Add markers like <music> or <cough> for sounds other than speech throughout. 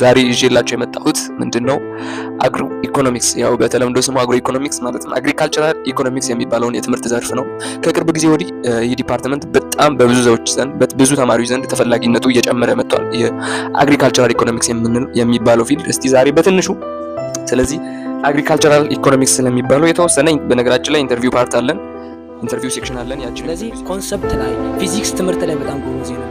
ዛሬ ይዤላቸው የመጣሁት ምንድን ነው አግሮ ኢኮኖሚክስ፣ ያው በተለምዶ ስሙ አግሮ ኢኮኖሚክስ ማለት ነው። አግሪካልቸራል ኢኮኖሚክስ የሚባለውን የትምህርት ዘርፍ ነው። ከቅርብ ጊዜ ወዲህ ይህ ዲፓርትመንት በጣም በብዙ ሰዎች ዘንድ ብዙ ተማሪዎች ዘንድ ተፈላጊነቱ እየጨመረ መጥቷል። የአግሪካልቸራል ኢኮኖሚክስ የሚባለው ፊልድ እስቲ ዛሬ በትንሹ ስለዚህ አግሪካልቸራል ኢኮኖሚክስ ስለሚባለው የተወሰነ በነገራችን ላይ ኢንተርቪው ፓርት አለን፣ ኢንተርቪው ሴክሽን አለን። ያችን ስለዚህ ኮንሰፕት ላይ ፊዚክስ ትምህርት ላይ በጣም ጎበዝ ነው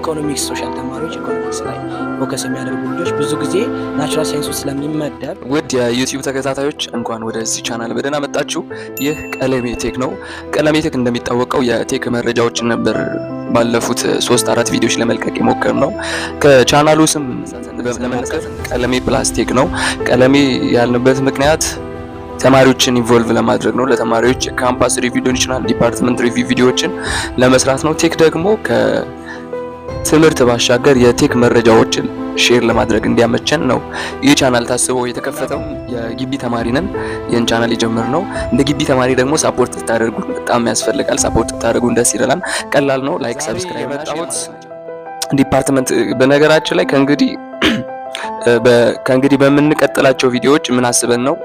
ኢኮኖሚክስ ሶሻል ተማሪዎች ኢኮኖሚክስ ላይ ፎከስ የሚያደርጉ ልጆች ብዙ ጊዜ ናቹራል ሳይንሱ ስለሚመደብ። ውድ የዩቲዩብ ተከታታዮች እንኳን ወደዚህ ቻናል በደህና መጣችሁ። ይህ ቀለሜ ቴክ ነው። ቀለሜ ቴክ እንደሚታወቀው የቴክ መረጃዎችን ነበር ባለፉት ሶስት አራት ቪዲዮዎች ለመልቀቅ የሞከር ነው። ከቻናሉ ስም ለመነሳት ቀለሜ ፕላስቲክ ነው። ቀለሜ ያልንበት ምክንያት ተማሪዎችን ኢንቮልቭ ለማድረግ ነው። ለተማሪዎች ካምፓስ ሪቪው ሊሆን ይችላል፣ ዲፓርትመንት ሪቪው ቪዲዮዎችን ለመስራት ነው። ቴክ ደግሞ ትምህርት ባሻገር የቴክ መረጃዎችን ሼር ለማድረግ እንዲያመቸን ነው። ይህ ቻናል ታስቦ የተከፈተው የግቢ ተማሪ ነን። ይህን ቻናል የጀምር ነው። እንደ ግቢ ተማሪ ደግሞ ሳፖርት ብታደርጉ በጣም ያስፈልጋል። ሳፖርት ብታደርጉን ደስ ይለናል። ቀላል ነው። ላይክ፣ ሰብስክራይብ ዲፓርትመንት በነገራችን ላይ ከእንግዲህ ከእንግዲህ በምንቀጥላቸው ቪዲዮዎች ምን አስበን ነው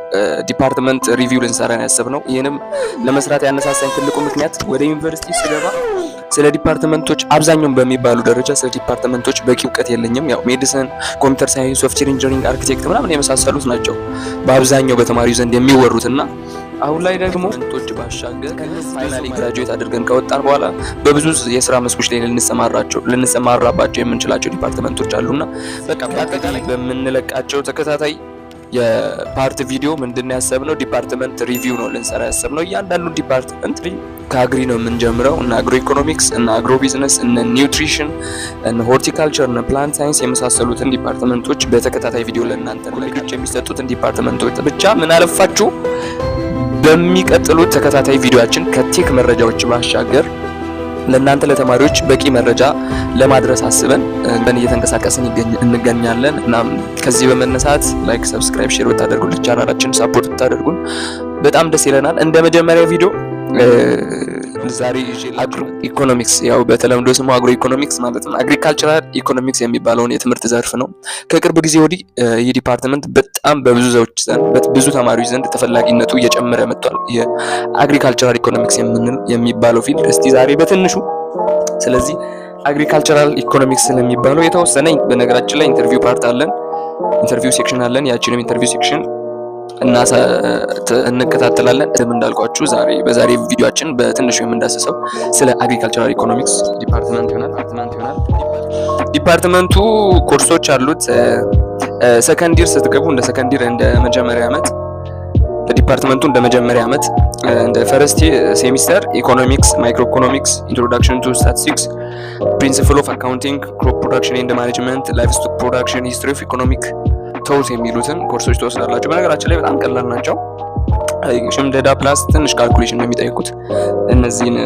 ዲፓርትመንት ሪቪው ልንሰራ ነው። ይህንም ለመስራት ያነሳሳኝ ትልቁ ምክንያት ወደ ዩኒቨርሲቲ ስገባ ስለ ዲፓርትመንቶች አብዛኛውን በሚባሉ ደረጃ ስለ ዲፓርትመንቶች በቂ እውቀት የለኝም። ያው ሜዲሲን፣ ኮምፒውተር ሳይንስ፣ ሶፍትዌር ኢንጂኒሪንግ፣ አርኪቴክት ምናምን የመሳሰሉት ናቸው በአብዛኛው በተማሪው ዘንድ የሚወሩት የሚወሩትና አሁን ላይ ደግሞ ቶች ባሻገር ፋይናሊ ግራጁዌት አድርገን ከወጣን በኋላ በብዙ የስራ መስኮች ላይ ልንሰማራቸው ልንሰማራባቸው የምንችላቸው ዲፓርትመንቶች አሉና በቃ በምንለቃቸው ተከታታይ የፓርት ቪዲዮ ምንድን ያሰብነው ዲፓርትመንት ሪቪው ነው ልንሰራ ያሰብነው። እያንዳንዱ ዲፓርትመንት ከአግሪ ነው የምንጀምረው እና አግሮ ኢኮኖሚክስ እና አግሮ ቢዝነስ እነ ኒውትሪሽን እነ ሆርቲካልቸር እነ ፕላንት ሳይንስ የመሳሰሉትን ዲፓርትመንቶች በተከታታይ ቪዲዮ ለእናንተ ልጆች የሚሰጡትን ዲፓርትመንቶች ብቻ ምን አለፋችሁ በሚቀጥሉት ተከታታይ ቪዲዮችን ከቴክ መረጃዎች ባሻገር ለእናንተ ለተማሪዎች በቂ መረጃ ለማድረስ አስበን እንደን እየተንቀሳቀስን እንገኛለን። እናም ከዚህ በመነሳት ላይክ፣ ሰብስክራይብ፣ ሼር ብታደርጉልን ቻናላችን ሳፖርት ብታደርጉን በጣም ደስ ይለናል። እንደ መጀመሪያ ቪዲዮ ምንዛሬ አግሮ ኢኮኖሚክስ ያው በተለምዶ ስሙ አግሮ ኢኮኖሚክስ ማለት ነው። አግሪካልቸራል ኢኮኖሚክስ የሚባለውን የትምህርት ዘርፍ ነው። ከቅርብ ጊዜ ወዲህ ይህ ዲፓርትመንት በጣም በብዙ ሰዎች ዘንድ ብዙ ተማሪዎች ዘንድ ተፈላጊነቱ እየጨመረ መጥቷል። የአግሪካልቸራል ኢኮኖሚክስ የምንል የሚባለው ፊልድ እስቲ ዛሬ በትንሹ ስለዚህ አግሪካልቸራል ኢኮኖሚክስ ስለሚባለው የተወሰነ በነገራችን ላይ ኢንተርቪው ፓርት አለን፣ ኢንተርቪው ሴክሽን አለን። ያችንም ኢንተርቪው ሴክሽን እና እንከታተላለን። ደም እንዳልኳችሁ ዛሬ በዛሬ ቪዲዮአችን በትንሹ የምንዳስሰው ስለ አግሪካልቸራል ኢኮኖሚክስ ዲፓርትመንት ይሆናል ዲፓርትመንት ይሆናል። ዲፓርትመንቱ ኮርሶች አሉት። ሰከንዲር ይር ስትገቡ እንደ ሰከንዲር እንደ መጀመሪያ ዓመት ዲፓርትመንቱ እንደ መጀመሪያ ዓመት እንደ ፈረስቲ ሴሚስተር ኢኮኖሚክስ፣ ማይክሮ ኢኮኖሚክስ፣ ኢንትሮዳክሽን ቱ ስታቲስቲክስ፣ ፕሪንሲፕል ኦፍ አካውንቲንግ፣ ክሮፕ ፕሮዳክሽን ኤንድ ማኔጅመንት፣ ላይፍ ስቶክ ፕሮዳክሽን፣ ሂስትሪ ኦፍ ኢኮኖሚክ ተውት የሚሉትን ኮርሶች ትወስዳላችሁ። በነገራችን ላይ በጣም ቀላል ናቸው። ሽምደዳ ፕላስ ትንሽ ካልኩሌሽን ነው የሚጠይቁት። እነዚህን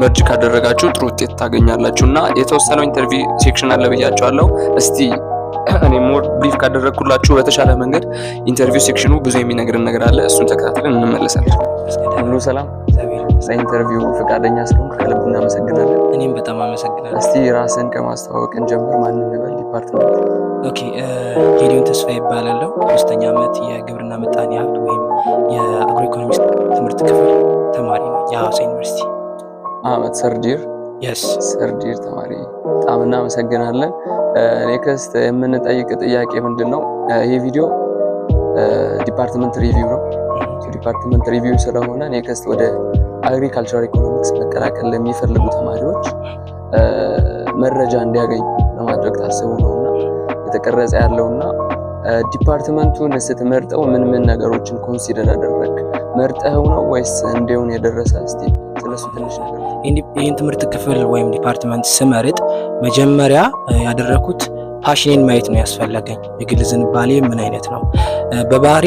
መርጅ ካደረጋችሁ ጥሩ ውጤት ታገኛላችሁ እና የተወሰነው ኢንተርቪው ሴክሽን አለ ብያቸዋለሁ። እስቲ እኔ ሞር ብሪፍ ካደረግኩላችሁ በተሻለ መንገድ ኢንተርቪው ሴክሽኑ ብዙ የሚነግርን ነገር አለ። እሱን ተከታትለን እንመለሳለን። ሙሉ ሰላም ስለ ኢንተርቪው ፈቃደኛ ስለሆን ከልብ እናመሰግናለን። እኔም በጣም አመሰግናለሁ። እስቲ ራስን ከማስተዋወቅን ጀምር። ማን እንበል? ዲፓርትመንት ኦኬ። ጌዲዮን ተስፋ ይባላለሁ። ሶስተኛ ዓመት የግብርና ምጣኔ ሀብት ወይም የአግሮ ኢኮኖሚክስ ትምህርት ክፍል ተማሪ ነው የሀዋሳ ዩኒቨርሲቲ አመት ሰርዲር ሰርዲር ተማሪ። በጣም እናመሰግናለን። ኔክስት የምንጠይቅ ጥያቄ ምንድን ነው? ይህ ቪዲዮ ዲፓርትመንት ሪቪው ነው። ዲፓርትመንት ሪቪው ስለሆነ ኔክስት ወደ አግሪካልቸራል ኢኮኖሚክስ መቀላቀል ለሚፈልጉ ተማሪዎች መረጃ እንዲያገኙ ለማድረግ ታስቡ ነው እና የተቀረጸ ያለውና ዲፓርትመንቱን ስትመርጠው ምን ምን ነገሮችን ኮንሲደር አደረግ? መርጠኸው ነው ወይስ እንዲሁን የደረሰ እስቲ ስለሱ ትንሽ ነገር ይህን ትምህርት ክፍል ወይም ዲፓርትመንት ስመርጥ መጀመሪያ ያደረኩት ፓሽኔን ማየት ነው ያስፈለገኝ። የግል ዝንባሌ ምን አይነት ነው በባህሬ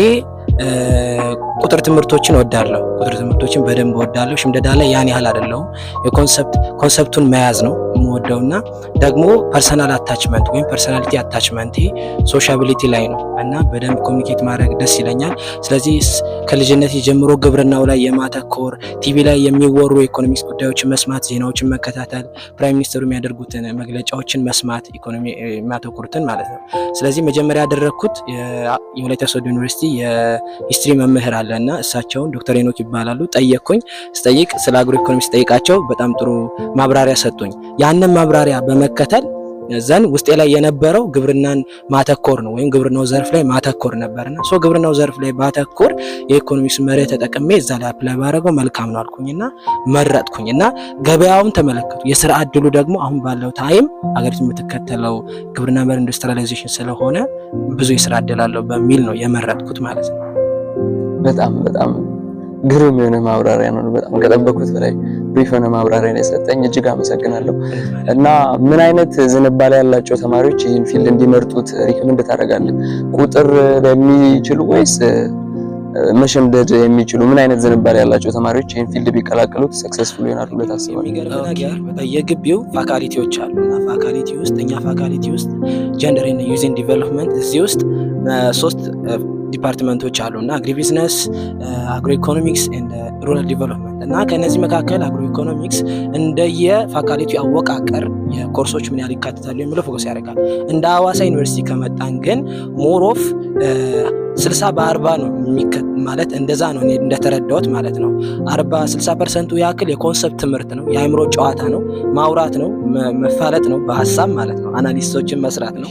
ቁጥር ትምህርቶችን ወዳለሁ። ቁጥር ትምህርቶችን በደንብ ወዳለሁ። ሽምደዳ ላይ ያን ያህል አይደለሁም። የኮንሰፕት ኮንሰፕቱን መያዝ ነው የምወደውና ደግሞ ፐርሰናል አታችመንት ወይም ፐርሰናሊቲ አታችመንቴ ሶሻቢሊቲ ላይ ነው እና በደንብ ኮሚኒኬት ማድረግ ደስ ይለኛል። ስለዚህ ከልጅነት ጀምሮ ግብርናው ላይ የማተኮር ቲቪ ላይ የሚወሩ የኢኮኖሚክስ ጉዳዮችን መስማት፣ ዜናዎችን መከታተል፣ ፕራይም ሚኒስትሩ የሚያደርጉትን መግለጫዎችን መስማት፣ ኢኮኖሚ የሚያተኩሩትን ማለት ነው። ስለዚህ መጀመሪያ ያደረግኩት የወላይታ ሶዶ ዩኒቨርሲቲ የሂስትሪ መምህር አለ እና እሳቸውን ዶክተር ሄኖክ ይባላሉ ጠየቅኩኝ። ስጠይቅ ስለ አግሮ ኢኮኖሚ ስጠይቃቸው በጣም ጥሩ ማብራሪያ ሰጡኝ። ያንን ማብራሪያ በመከተል ዘን ውስጤ ላይ የነበረው ግብርናን ማተኮር ነው ወይም ግብርናው ዘርፍ ላይ ማተኮር ነበርና ሶ ግብርናው ዘርፍ ላይ ባተኮር የኢኮኖሚክስ መርህ ተጠቅሜ እዛ ላይ አፕላይ ባደረገው መልካም ነው አልኩኝና መረጥኩኝ እና ገበያውን ተመለከቱ። የስራ እድሉ ደግሞ አሁን ባለው ታይም ሀገሪቱ የምትከተለው ግብርና መር ኢንዱስትሪላይዜሽን ስለሆነ ብዙ የስራ እድል አለው በሚል ነው የመረጥኩት ማለት ነው። በጣም በጣም ግሩም የሆነ ማብራሪያ ነው። በጣም ከጠበኩት በላይ ብሪፍ የሆነ ማብራሪያ ነው የሰጠኝ። እጅግ አመሰግናለሁ። እና ምን አይነት ዝንባሌ ያላቸው ተማሪዎች ይህን ፊልድ እንዲመርጡት ሪኮመንድ ታደርጋለህ? ቁጥር ለሚችሉ ወይስ መሸምደድ የሚችሉ ምን አይነት ዝንባሌ ያላቸው ተማሪዎች ይህን ፊልድ ቢቀላቀሉት ሰክሰስፉል ይሆናሉ ብለህ ታስባለህ? የሚገርምህ ነገር በየግቢው ፋካሊቲዎች አሉ እና ፋካሊቲ ውስጥ እኛ ፋካሊቲ ውስጥ ጀንደር ዩዝን ዲቨሎፕመንት እዚህ ውስጥ ሶስት ዲፓርትመንቶች አሉ እና አግሪ ቢዝነስ፣ አግሮ ኢኮኖሚክስ፣ ሩራል ዲቨሎፕመንት እና ከእነዚህ መካከል አግሮ ኢኮኖሚክስ እንደየ ፋካልቲ አወቃቀር የኮርሶች ምን ያህል ይካትታሉ የሚለው ፎከስ ያደርጋል። እንደ ሀዋሳ ዩኒቨርሲቲ ከመጣን ግን ሞሮፍ uh, ስልሳ በአርባ ነው ማለት እንደዛ ነው እንደተረዳሁት ማለት ነው። አርባ ስልሳ ፐርሰንቱ ያክል የኮንሰፕት ትምህርት ነው፣ የአእምሮ ጨዋታ ነው፣ ማውራት ነው፣ መፋለጥ ነው፣ በሀሳብ ማለት ነው፣ አናሊስቶችን መስራት ነው።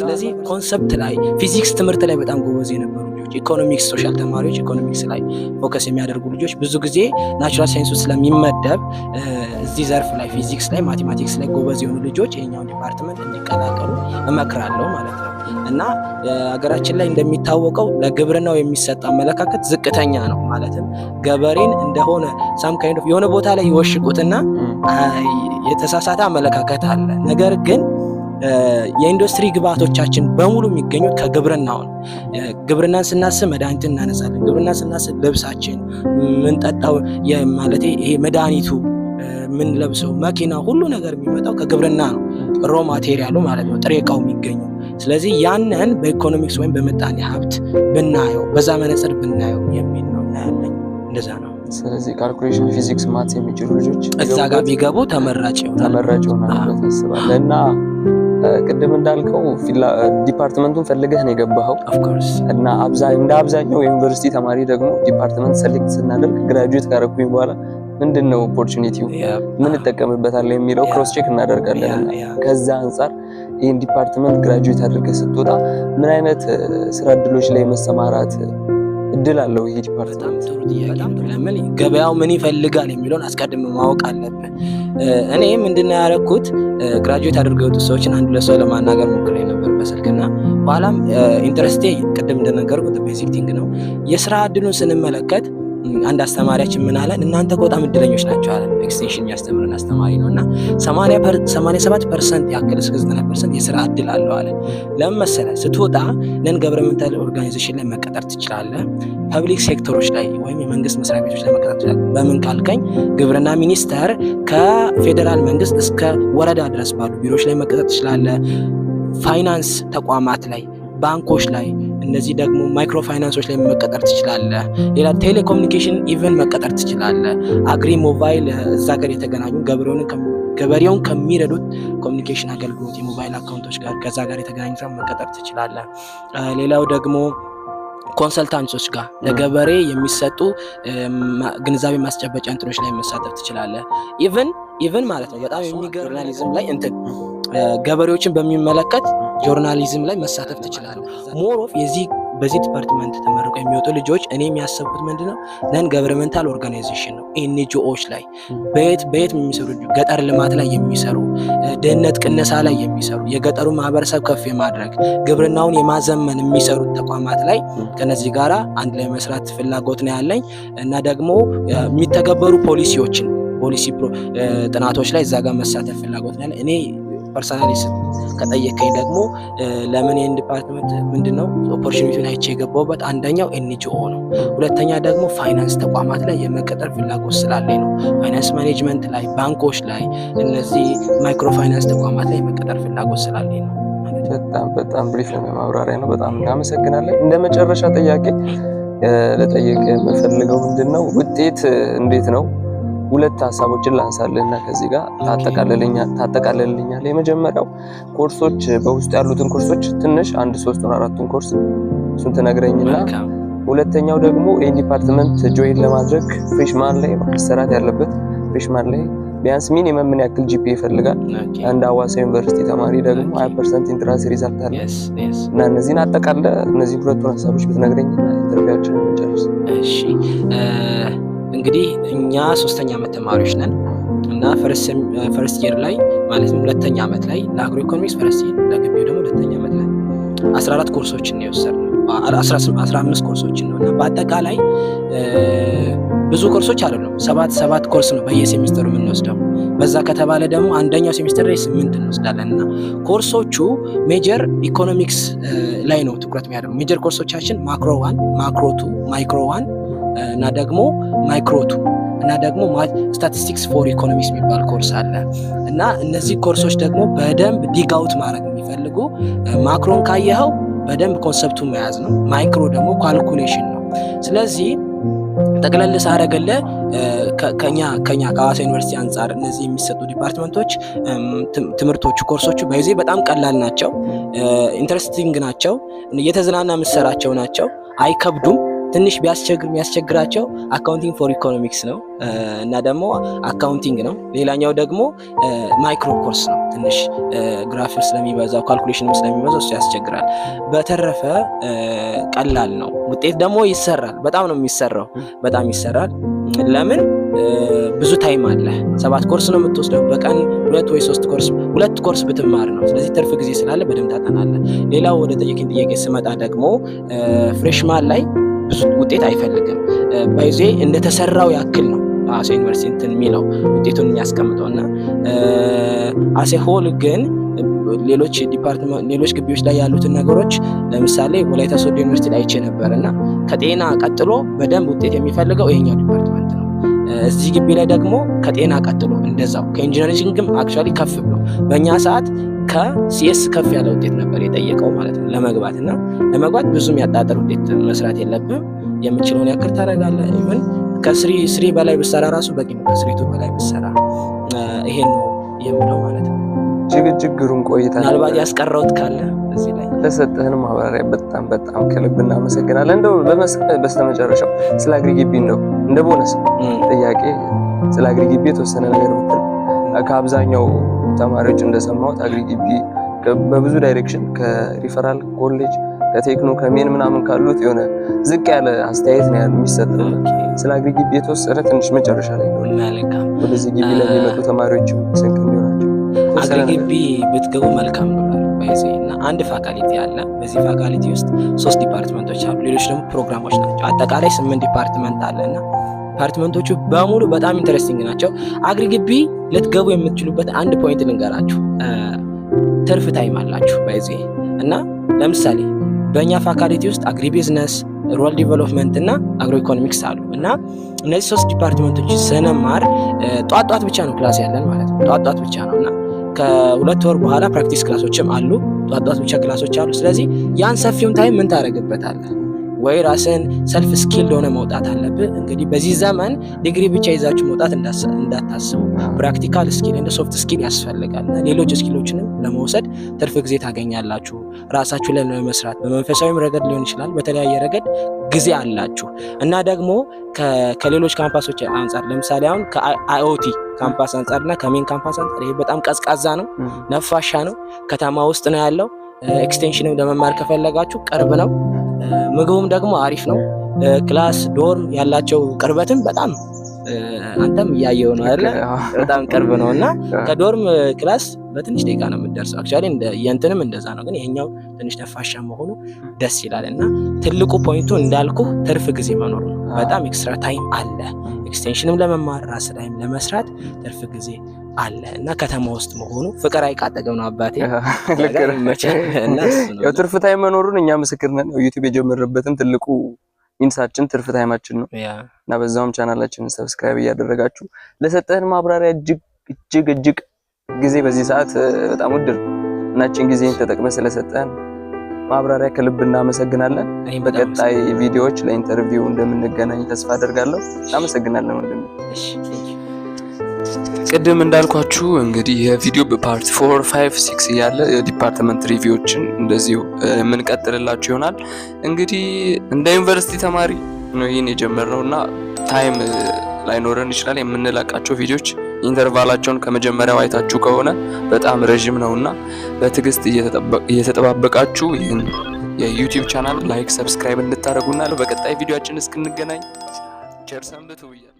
ስለዚህ ኮንሰፕት ላይ ፊዚክስ ትምህርት ላይ በጣም ጎበዝ የነበሩ ልጆች፣ ኢኮኖሚክስ፣ ሶሻል ተማሪዎች ኢኮኖሚክስ ላይ ፎከስ የሚያደርጉ ልጆች ብዙ ጊዜ ናቹራል ሳይንሱ ስለሚመደብ እዚህ ዘርፍ ላይ ፊዚክስ ላይ ማቴማቲክስ ላይ ጎበዝ የሆኑ ልጆች የኛውን ዲፓርትመንት እንዲቀላቀሉ እመክራለሁ ማለት ነው። እና ሀገራችን ላይ እንደሚታወቀው ለግብርናው የሚሰጥ አመለካከት ዝቅተኛ ነው። ማለትም ገበሬን እንደሆነ ሳም የሆነ ቦታ ላይ ይወሽቁትና የተሳሳተ አመለካከት አለ ነገር ግን የኢንዱስትሪ ግብዓቶቻችን በሙሉ የሚገኙት ከግብርናው ነው። ግብርናን ስናስብ መድኃኒትን እናነሳለን። ግብርናን ስናስብ ልብሳችን፣ ምንጠጣው ማለት ይሄ መድኃኒቱ፣ ምንለብሰው፣ መኪና፣ ሁሉ ነገር የሚመጣው ከግብርና ነው። ሮ ማቴሪያሉ ማለት ነው፣ ጥሬ እቃው የሚገኘው። ስለዚህ ያንን በኢኮኖሚክስ ወይም በምጣኔ ሀብት ብናየው፣ በዛ መነጽር ብናየው የሚል ነው። እናያለን። እንደዛ ነው። ስለዚህ ካልኩሌሽን ፊዚክስ ማት የሚችሉ ልጆች እዛ ጋር ቢገቡ ተመራጭ ይሆናል ተመራጭ ይሆናል እና ቅድም እንዳልከው ዲፓርትመንቱን ፈልገህ ነው የገባኸው እና እንደ አብዛኛው የዩኒቨርሲቲ ተማሪ ደግሞ ዲፓርትመንት ሰሌክት ስናደርግ ግራጁዌት ካረኩኝ በኋላ ምንድን ነው ኦፖርቹኒቲው ምን እጠቀምበታለሁ የሚለው ክሮስ ቼክ እናደርጋለን። ከዛ አንጻር ይህን ዲፓርትመንት ግራጁዌት አድርገህ ስትወጣ ምን አይነት ስራ እድሎች ላይ መሰማራት እድል አለው ይሄ ዲፓርትመንት? ለምን ገበያው ምን ይፈልጋል የሚለውን አስቀድመ ማወቅ አለብን። እኔ ምንድን ነው ያደረኩት ግራጁዌት አድርገው የወጡት ሰዎችን አንድ ለሰው ለማናገር ሞክሬ ነበር በስልክና በኋላም ኢንትረስቴ ቅድም እንደነገርኩት ቤዚክ ቲንግ ነው። የስራ እድሉን ስንመለከት አንድ አስተማሪያችን ምን አለን፣ እናንተ እኮ በጣም እድለኞች ናቸው አለን። ኤክስቴንሽን የሚያስተምረን አስተማሪ ነው እና 87 ፐርሰንት ያክል እስከ 9 ፐርሰንት የስራ እድል አለው አለ። ለምን መሰለህ? ስትወጣ ነን ገቨርንመንታል ኦርጋኒዜሽን ላይ መቀጠር ትችላለ፣ ፐብሊክ ሴክተሮች ላይ ወይም የመንግስት መስሪያ ቤቶች ላይ መቀጠር ትችላለ። በምን ካልከኝ፣ ግብርና ሚኒስቴር ከፌዴራል መንግስት እስከ ወረዳ ድረስ ባሉ ቢሮዎች ላይ መቀጠር ትችላለ፣ ፋይናንስ ተቋማት ላይ፣ ባንኮች ላይ እነዚህ ደግሞ ማይክሮ ፋይናንሶች ላይ መቀጠር ትችላለ ሌላ ቴሌኮሙኒኬሽን ኢቨን መቀጠር ትችላለ አግሪ ሞባይል እዛ ሀገር የተገናኙ ገበሬውን ከሚረዱት ኮሚኒኬሽን አገልግሎት የሞባይል አካውንቶች ጋር ከዛ ጋር የተገናኙ መቀጠር ትችላለ። ሌላው ደግሞ ኮንሰልታንቶች ጋር ለገበሬ የሚሰጡ ግንዛቤ ማስጨበጫ እንትኖች ላይ መሳተፍ ትችላለ። ኢቨን ኢቨን ማለት ነው በጣም የሚገርም ጆርናሊዝም ላይ እንትን ገበሬዎችን በሚመለከት ጆርናሊዝም ላይ መሳተፍ ትችላለህ። ሞር ኦፍ የዚህ በዚህ ዲፓርትመንት ተመርቀው የሚወጡ ልጆች እኔ የሚያሰብኩት ምንድነው ነን ገቨርንመንታል ኦርጋናይዜሽን ነው ኤንጂኦዎች ላይ በየት በየት የሚሰሩ ገጠር ልማት ላይ የሚሰሩ ድህነት ቅነሳ ላይ የሚሰሩ የገጠሩ ማህበረሰብ ከፍ የማድረግ ግብርናውን የማዘመን የሚሰሩት ተቋማት ላይ ከነዚህ ጋር አንድ ላይ መስራት ፍላጎት ነው ያለኝ እና ደግሞ የሚተገበሩ ፖሊሲዎችን ፖሊሲ ጥናቶች ላይ እዛ ጋር መሳተፍ ፍላጎት ነው ያለኝ እኔ ፐርሰናሊስ ከጠየቀኝ ደግሞ ለምን ይህን ዲፓርትመንት ምንድን ነው ኦፖርቹኒቲ አይቼ የገባውበት አንደኛው ኤንጂኦ ነው። ሁለተኛ ደግሞ ፋይናንስ ተቋማት ላይ የመቀጠር ፍላጎት ስላለኝ ነው። ፋይናንስ ማኔጅመንት ላይ፣ ባንኮች ላይ፣ እነዚህ ማይክሮ ፋይናንስ ተቋማት ላይ የመቀጠር ፍላጎት ስላለኝ ነው። በጣም በጣም ብሪፍ ነው ማብራሪያ ነው። በጣም እናመሰግናለን። እንደ መጨረሻ ጥያቄ ለጠየቅ የምፈልገው ምንድን ነው ውጤት እንዴት ነው ሁለት ሀሳቦችን ላንሳልህ ከዚህ ጋር ታጠቃልልኛል። የመጀመሪያው ኮርሶች በውስጥ ያሉትን ኮርሶች ትንሽ አንድ ሶስቱን አራቱን ኮርስ እሱን ትነግረኝና ሁለተኛው ደግሞ ይህን ዲፓርትመንት ጆይን ለማድረግ ፍሬሽማን ላይ መሰራት ያለበት ፍሬሽማን ላይ ቢያንስ ሚኒመም ምን ያክል ጂፒ ይፈልጋል። አንድ አዋሳ ዩኒቨርሲቲ ተማሪ ደግሞ ሀያ ፐርሰንት ኢንትራንስ ሪዛልት አለ እና እነዚህን አጠቃለ እነዚህ ሁለቱን ሀሳቦች ብትነግረኝ ኢንተርቪያችን እንጨርስ። እሺ እንግዲህ እኛ ሶስተኛ ዓመት ተማሪዎች ነን እና ፈርስት ይር ላይ ማለትም ሁለተኛ ዓመት ላይ ለአግሮ ኢኮኖሚክስ ፈርስት ይር ለግቢው ደግሞ ሁለተኛ ዓመት ላይ 14 ኮርሶችን ነው የወሰድነው። 15 ኮርሶችን ነው እና በአጠቃላይ ብዙ ኮርሶች አይደሉም። ሰባት ሰባት ኮርስ ነው በየሴሚስተሩ የምንወስደው። በዛ ከተባለ ደግሞ አንደኛው ሴሚስተር ላይ ስምንት እንወስዳለን እና ኮርሶቹ ሜጀር ኢኮኖሚክስ ላይ ነው ትኩረት የሚያደርጉ ሜጀር ኮርሶቻችን ማክሮ ዋን፣ ማክሮ ቱ፣ ማይክሮ ዋን እና ደግሞ ማይክሮቱ እና ደግሞ ስታቲስቲክስ ፎር ኢኮኖሚክስ የሚባል ኮርስ አለ እና እነዚህ ኮርሶች ደግሞ በደንብ ዲጋውት ማድረግ የሚፈልጉ ማክሮን ካየኸው በደንብ ኮንሰፕቱ መያዝ ነው። ማይክሮ ደግሞ ካልኩሌሽን ነው። ስለዚህ ጠቅለል ሳረገለ ከኛ ከኛ ከዋሳ ዩኒቨርሲቲ አንጻር እነዚህ የሚሰጡ ዲፓርትመንቶች፣ ትምህርቶቹ፣ ኮርሶቹ በጊዜ በጣም ቀላል ናቸው፣ ኢንትረስቲንግ ናቸው፣ እየተዝናና ምሰራቸው ናቸው፣ አይከብዱም። ትንሽ የሚያስቸግራቸው አካውንቲንግ ፎር ኢኮኖሚክስ ነው እና ደግሞ አካውንቲንግ ነው። ሌላኛው ደግሞ ማይክሮ ኮርስ ነው። ትንሽ ግራፍ ስለሚበዛው ካልኩሌሽንም ስለሚበዛው እሱ ያስቸግራል። በተረፈ ቀላል ነው። ውጤት ደግሞ ይሰራል። በጣም ነው የሚሰራው። በጣም ይሰራል። ለምን ብዙ ታይም አለ። ሰባት ኮርስ ነው የምትወስደው በቀን ሁለት ወይ ሶስት ኮርስ ሁለት ኮርስ ብትማር ነው። ስለዚህ ትርፍ ጊዜ ስላለ በደንብ ታጠናለህ። ሌላው ወደ ጠየቅኝ ጥያቄ ስመጣ ደግሞ ፍሬሽማን ላይ ብዙ ውጤት አይፈልግም። ባይዜ እንደተሰራው ያክል ነው አሴ ዩኒቨርሲቲ እንትን የሚለው ውጤቱን የሚያስቀምጠው እና አሴ ሆል ግን ሌሎች ዲፓርትመንት ሌሎች ግቢዎች ላይ ያሉትን ነገሮች ለምሳሌ ወላይታ ሶዶ ዩኒቨርሲቲ ላይ አይቼ ነበር እና ከጤና ቀጥሎ በደንብ ውጤት የሚፈልገው ይሄኛው ዲፓርትመንት ነው። እዚህ ግቢ ላይ ደግሞ ከጤና ቀጥሎ እንደዛው ከኢንጂነሪንግም አክቹዋሊ ከፍ ብሎ በእኛ ሰዓት ከሲኤስ ከፍ ያለ ውጤት ነበር የጠየቀው ማለት ነው ለመግባት እና ለመግባት ብዙም ያጣጠር ውጤት መስራት የለብም። የምችለውን ያክል ታደርጋለህ። ኢቨን ከስሪ ስሪ በላይ ብሰራ ራሱ በቂ ነው። ከስሪቱ በላይ ብሰራ ይሄን ነው የምለው ማለት ነው። እጅግ እጅግ ግሩም ቆይታ። ምናልባት ያስቀረውት ካለ እዚህ ላይ ለሰጠህን ማብራሪያ በጣም በጣም ከልብ እናመሰግናለን። እንደው በስተመጨረሻው ስለ አግሪ ግቢ እንደው እንደ ቦነስ ጥያቄ ስለ አግሪ ግቢ የተወሰነ ነገር ብትል ከአብዛኛው ተማሪዎች እንደሰማሁት አግሪ ግቢ በብዙ ዳይሬክሽን ከሪፈራል ኮሌጅ ከቴክኖ ከሜን ምናምን ካሉት የሆነ ዝቅ ያለ አስተያየት ነው ያሉ የሚሰጥ ስለ አግሪ ግቢ የተወሰነ ትንሽ መጨረሻ ላይ ወደዚህ ግቢ ለሚመጡ ተማሪዎች ስንክ አግሪ ግቢ ብትገቡ መልካም ነው። እና አንድ ፋካሊቲ አለ። በዚህ ፋካሊቲ ውስጥ ሶስት ዲፓርትመንቶች አሉ። ሌሎች ደግሞ ፕሮግራሞች ናቸው። አጠቃላይ ስምንት ዲፓርትመንት አለ እና አፓርትመንቶቹ በሙሉ በጣም ኢንተረስቲንግ ናቸው። አግሪ ግቢ ልትገቡ የምትችሉበት አንድ ፖይንት ልንገራችሁ፣ ትርፍ ታይም አላችሁ ባይዜ እና ለምሳሌ በእኛ ፋካልቲ ውስጥ አግሪ ቢዝነስ፣ ሩራል ዲቨሎፕመንት እና አግሮ ኢኮኖሚክስ አሉ እና እነዚህ ሶስት ዲፓርትመንቶች ስንማር ጧት ጧት ብቻ ነው ክላስ ያለን ማለት ነው። ጧት ጧት ብቻ ነው እና ከሁለት ወር በኋላ ፕራክቲስ ክላሶችም አሉ። ጧት ጧት ብቻ ክላሶች አሉ። ስለዚህ ያን ሰፊውን ታይም ምን ታደርግበታለህ? ወይ ራስን ሰልፍ ስኪል ሆነ መውጣት አለብህ። እንግዲህ በዚህ ዘመን ዲግሪ ብቻ ይዛችሁ መውጣት እንዳታስቡ። ፕራክቲካል ስኪል እንደ ሶፍት ስኪል ያስፈልጋል። ሌሎች ስኪሎችንም ለመውሰድ ትርፍ ጊዜ ታገኛላችሁ። ራሳችሁ ላይ ለመስራት በመንፈሳዊም ረገድ ሊሆን ይችላል፣ በተለያየ ረገድ ጊዜ አላችሁ እና ደግሞ ከሌሎች ካምፓሶች አንጻር ለምሳሌ አሁን ከአይኦቲ ካምፓስ አንጻር እና ከሜን ካምፓስ አንጻር ይሄ በጣም ቀዝቃዛ ነው፣ ነፋሻ ነው፣ ከተማ ውስጥ ነው ያለው። ኤክስቴንሽንም ለመማር ከፈለጋችሁ ቅርብ ነው። ምግቡም ደግሞ አሪፍ ነው። ክላስ ዶርም ያላቸው ቅርበትም በጣም አንተም እያየው ነው አይደለ? በጣም ቅርብ ነው እና ከዶርም ክላስ በትንሽ ደቂቃ ነው የምንደርሰው። አክቹዋሊ የእንትንም እንደዛ ነው፣ ግን ይሄኛው ትንሽ ነፋሻ መሆኑ ደስ ይላል። እና ትልቁ ፖይንቱ እንዳልኩ ትርፍ ጊዜ መኖር ነው። በጣም ኤክስትራ ታይም አለ፣ ኤክስቴንሽንም ለመማር ራስ ላይም ለመስራት ትርፍ ጊዜ አለ እና ከተማ ውስጥ መሆኑ ፍቅር አይቃጠቅም ነው አባቴ <laughs> ያው ትርፍ ታይም መኖሩን እኛ ምስክር ነን። ዩቲዩብ የጀመረበትም ትልቁ ኢንሳችን ትርፍ ታይማችን ነው እና በዛውም ቻናላችንን ሰብስክራይብ እያደረጋችሁ ለሰጠህን ማብራሪያ እጅግ እጅግ እጅግ ጊዜ በዚህ ሰዓት በጣም ውድር እናችን ጊዜን ተጠቅመ ስለሰጠህን ማብራሪያ ከልብ እናመሰግናለን። በቀጣይ ቪዲዮዎች ለኢንተርቪው እንደምንገናኝ ተስፋ አደርጋለሁ። እናመሰግናለን ወንድሜ። ቅድም እንዳልኳችሁ እንግዲህ ይህ ቪዲዮ በፓርት ፎር ፋይቭ ሲክስ እያለ የዲፓርትመንት ሪቪዎችን እንደዚሁ የምንቀጥልላችሁ ይሆናል። እንግዲህ እንደ ዩኒቨርሲቲ ተማሪ ነው ይህን የጀመርነው እና ታይም ላይኖረን ይችላል። የምንለቃቸው ቪዲዮች ኢንተርቫላቸውን ከመጀመሪያው አይታችሁ ከሆነ በጣም ረዥም ነው እና በትዕግስት እየተጠባበቃችሁ ይህን የዩቲዩብ ቻናል ላይክ፣ ሰብስክራይብ እንድታደረጉናለሁ። በቀጣይ ቪዲዮችን እስክንገናኝ ቸር ሰንብቱ ብያለሁ።